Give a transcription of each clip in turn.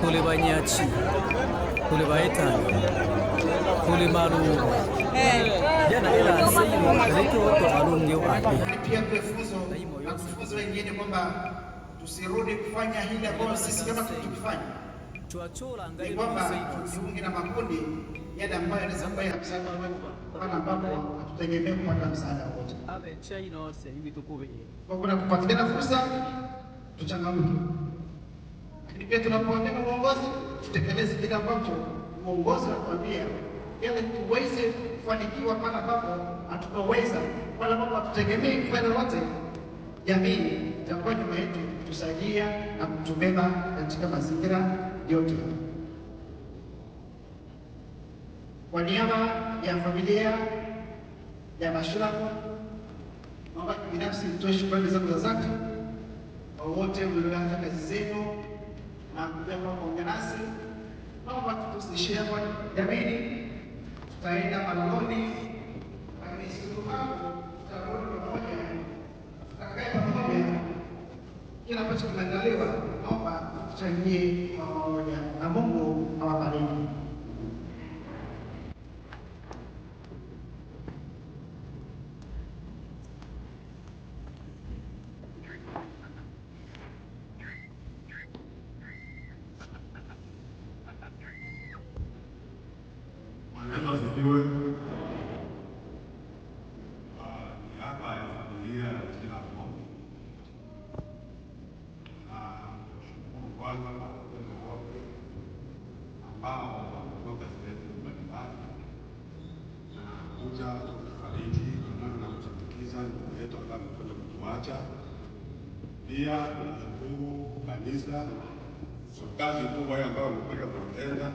kuleba nyaki kuleba etanga kuleba lungu jana ila asili watu pia kufunzo na wengine kwamba tusirudi kufanya hili ambayo sisi kama tukifanya ni kwamba jiunge na makundi yale ambayo yanaweza kuwa ambapo tutegemee kupata msaada wote. Kupatikana fursa tuchangamke, lakini pia tunapoambia uongozi tutekeleze kile ambacho uongozi unatuambia ili yaani, tuweze kufanikiwa pale ambapo hatukaweza, pale ambapo hatutegemei kufanya lolote. Jamii itakuwa nyuma yetu kutusaidia na kutubeba katika mazingira yote. Kwa niaba ya familia ya mashraba, mambo binafsi, mtoe shukrani zako za zaka kwa wote mlioanza kazi zenu na kuja pamoja nasi. Naomba tusiishie kwa jamii, tutaenda malangoni, lakini siku hapo tutarudi pamoja, tutakae pamoja, kila ambacho kimeandaliwa naomba tuchangie kwa pamoja, na Mungu awabariki. update kutokana na kuchipukiza ndugu yetu ambaye amekwenda kutuacha. Pia tunashukuru kanisa kwa kazi kubwa hiyo ambayo amekwenda kutenda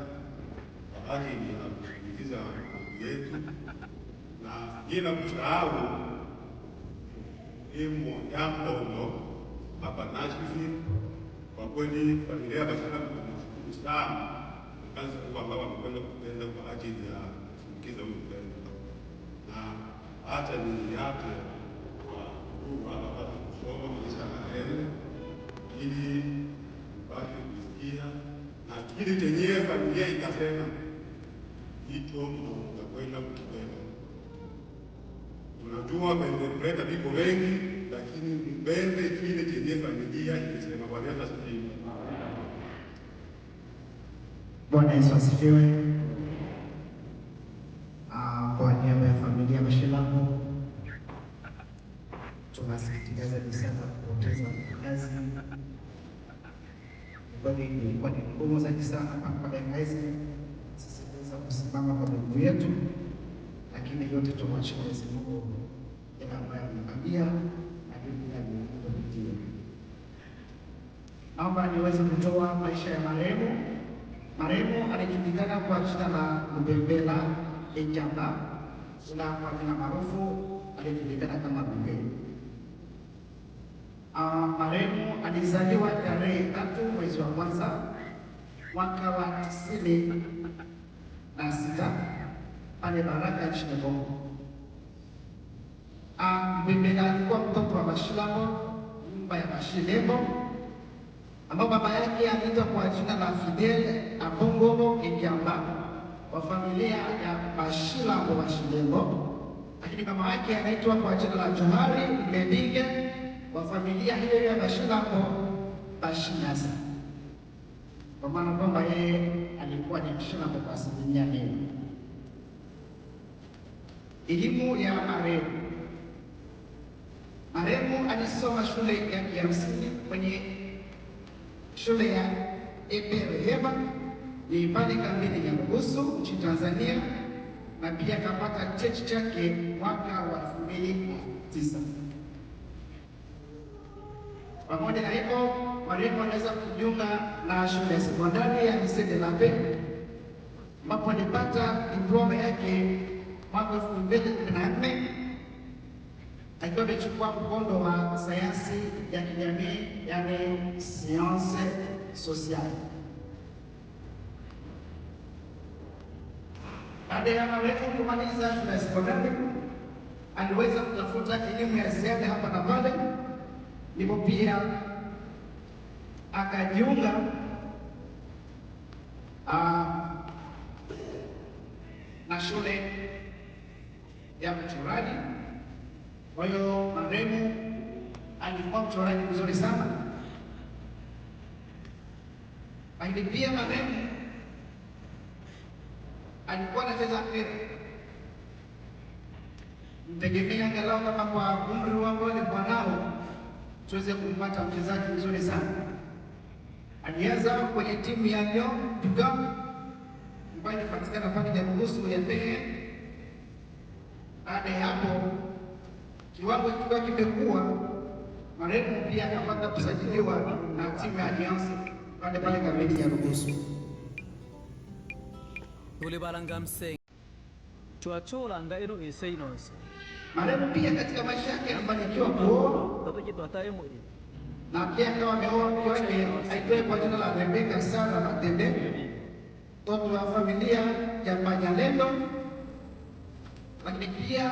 kwa ajili ya kuingiza ndugu yetu, na bila kusahau Imo Nyambondo hapa Nashville. Kwa kweli familia Bashabe tunashukuru sana kazi kubwa ambayo amekwenda kutenda kwa ajili ya kuchipukiza huyu hata ni yake kwa Mungu anapata kusoma maisha anaenda ili mpate kusikia na kili chenyewe familia ikasema hicho mnakwenda kukipenda. Tunajua kaendeleta viko wengi, lakini mpende kile chenyewe familia imesema. Bwana Yesu asifiwe. Bwana kweli ilikuwa ni ngumu zaidi sana mpaka ikaweza sisi kuweza kusimama kwa miguu yetu, lakini yote tumwachie Mwenyezi Mungu yale ambayo amepangia na Biblia imekupitia. Naomba niweze kutoa maisha ya marehemu. Marehemu alijulikana kwa jina la Lumbembela Enjamba, ila kwa jina maarufu alijulikana kama Lumbembela. Ah, marehemu alizaliwa tarehe tatu mwezi wa kwanza mwaka wa tisini na sita pale Baraka nchini Kongo. Bibi ah, alikuwa mtoto wa Mashilabo, nyumba ya Mashilebo, ambao baba yake aliitwa kwa jina la Fidel abongomo Ekiamba wa familia ya Mashilabo Mashilebo, lakini mama yake anaitwa kwa jina la Johari Mledinge kwa familia hiyo hiyo Bashilapo Bashinasa, kwa maana kwamba yeye alikuwa ni Mshilapo kwa asilimia mia. Elimu ya marehemu. Marehemu alisoma shule ya msingi kwenye shule ya Epereheba ni pale kambini ya Mgusu nchini Tanzania, na pia akapata cheti chake mwaka wa elfu mbili na tisa pamoja na hivyo walimu wanaweza kujiunga na shule ya sekondari ya Gisende Lape ambapo alipata diploma yake mwaka elfu mbili kumi na nne akiwa amechukua mkondo wa sayansi ya kijamii yani sianse sosiali. Baada ya marefu kumaliza shule ya sekondari, aliweza kutafuta elimu ya ziada hapa na pale ni pia akajiunga ah, na shule ya mchoraji. Kwa hiyo marehemu alikuwa mchoraji mzuri sana, lakini pia marehemu alikuwa anacheza mpira mtegemea angalau kama kwa umri wangu alikuwa nao tuweze kumpata mchezaji mzuri sana. Alianza kwenye timu ya Lyon Dugam ambayo ilipatikana nafasi ya ruhusu ya Baada ya hapo kiwango kikiwa kimekuwa, marehemu pia akapata kusajiliwa na timu ya Alliance pale pale kamati ya ruhusu twachoranga ero ese inonse marehemu katika maisha yake alifanikiwa kuoa mtoto kitu hata mmoja na pia akawa ameoa mke wake aitwaye kwa jina la Rebeka Sara Matende, mtoto wa familia ya Banyalendo. Lakini pia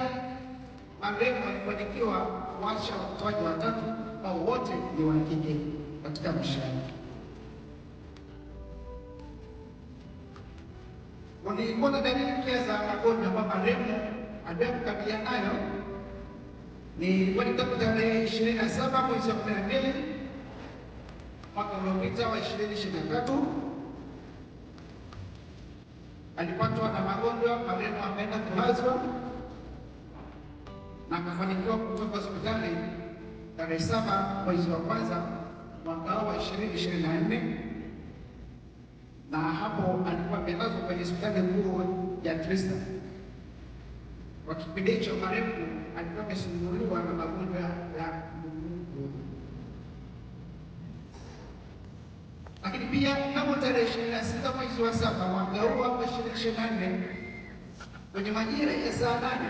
marehemu alifanikiwa kuacha watoaji watatu ambao wote ni wa kike katika maisha yake. Waliona dalili kueleza magonjwa kwamba Remo ambayo kukabiliana nayo ni walitoka tarehe ishirini na saba mwezi wa kumi na mbili mwaka uliopita wa ishirini ishirini na tatu alipatwa na magonjwa maremo, ameenda kulazwa na akafanikiwa kutoka hospitali tarehe saba mwezi wa kwanza mwaka wa ishirini ishirini na nne na hapo alikuwa amelazwa kwenye hospitali kuu ya Kristo. Kwa kipindi hicho marefu alikuwa amesumbuliwa na magonjwa ya mgongo, lakini pia mnamo tarehe ishirini na sita mwezi wa saba mwaka huu wa ishirini na nne kwenye majira ya saa nane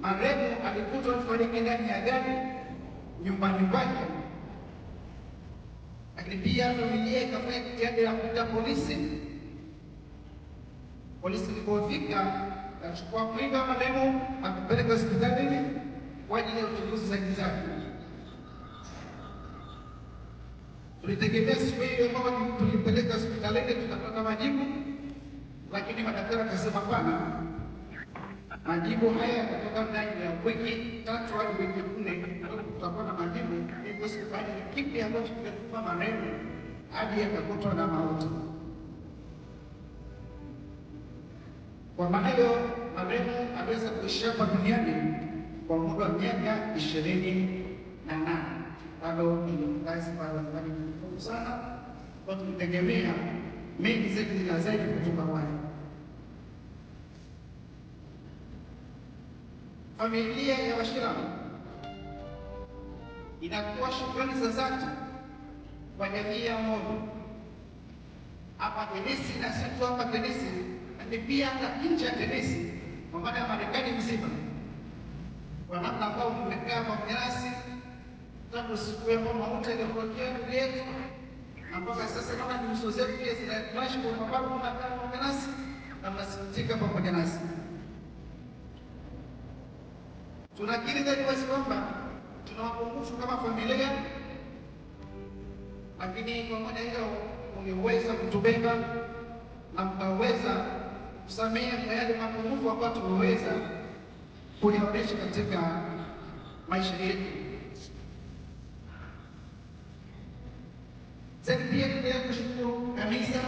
marehemu alikutwa mfariki ndani ya gari nyumbani kwake, lakini pia familia ikafanya jitihada ya kuita polisi Polisi ilipofika nachukua mwili wa marehemu akupeleka hospitalini kwa ajili ya uchunguzi zaidi zake. Tulitegemea siku hiyo ambayo tulipeleka hospitalini tutapata majibu, lakini madaktari akasema pana majibu haya yatatoka ndani ya wiki tatu hadi wiki nne, tutakuwa na majibu kuhusu kipi ambacho kilikufa marehemu hadi yakakutwa na mauti. Kwa hayo marehemu ameweza kuishi hapa duniani kwa muda wa miaka ishirini na nane bado kazi ni mkubwa sana kwa kutegemea mengi zaidi na zaidi kutoka kwake. Familia ya Washiramu inakuwa shukrani za zatu kwa jamii ya Moyo hapa Kenisi na sisi hapa Kenisi lakini pia hata nchi ya tenisi kwa maana ya Marekani mzima, kwa namna ambao mmekaa mirasi tangu siku ya mama Mauta ilipokea ndugu yetu na mpaka sasa, kama ni nyuso zetu pia zinaimarisha kwa sababu mnakaa kama mirasi na mnasikitika pamoja nasi. Tunakiri zaidi wazi kwamba tuna wapungufu kama familia, lakini kwa moja hiyo ungeweza kutubeba na mkaweza kusamehe kwa yale mapungufu ambayo tumeweza kuyaonesha katika maisha yetu. Lakini pia tuendelee kushukuru kanisa.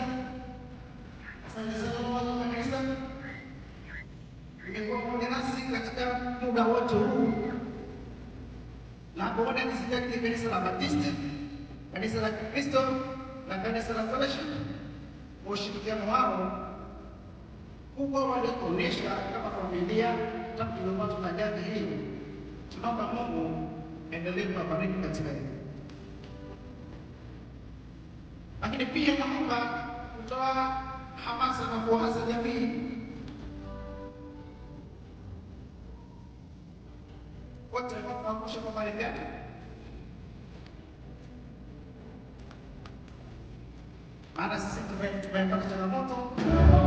Asante sana watu wa kanisa, imekuwa pamoja nasi katika muda wote huu, na kuona kile kanisa la Baptisti, kanisa la Kikristo na kanisa la Fellowship, ushirikiano wao kubwa walioonyesha kama familia tangu na tunajadili hii. Tunaomba Mungu endelee kubariki katika hili, lakini pia naomba kutoa hamasa na kuwaza jamii wote wakuangusha kwa maridhiano maana sisi tumepata changamoto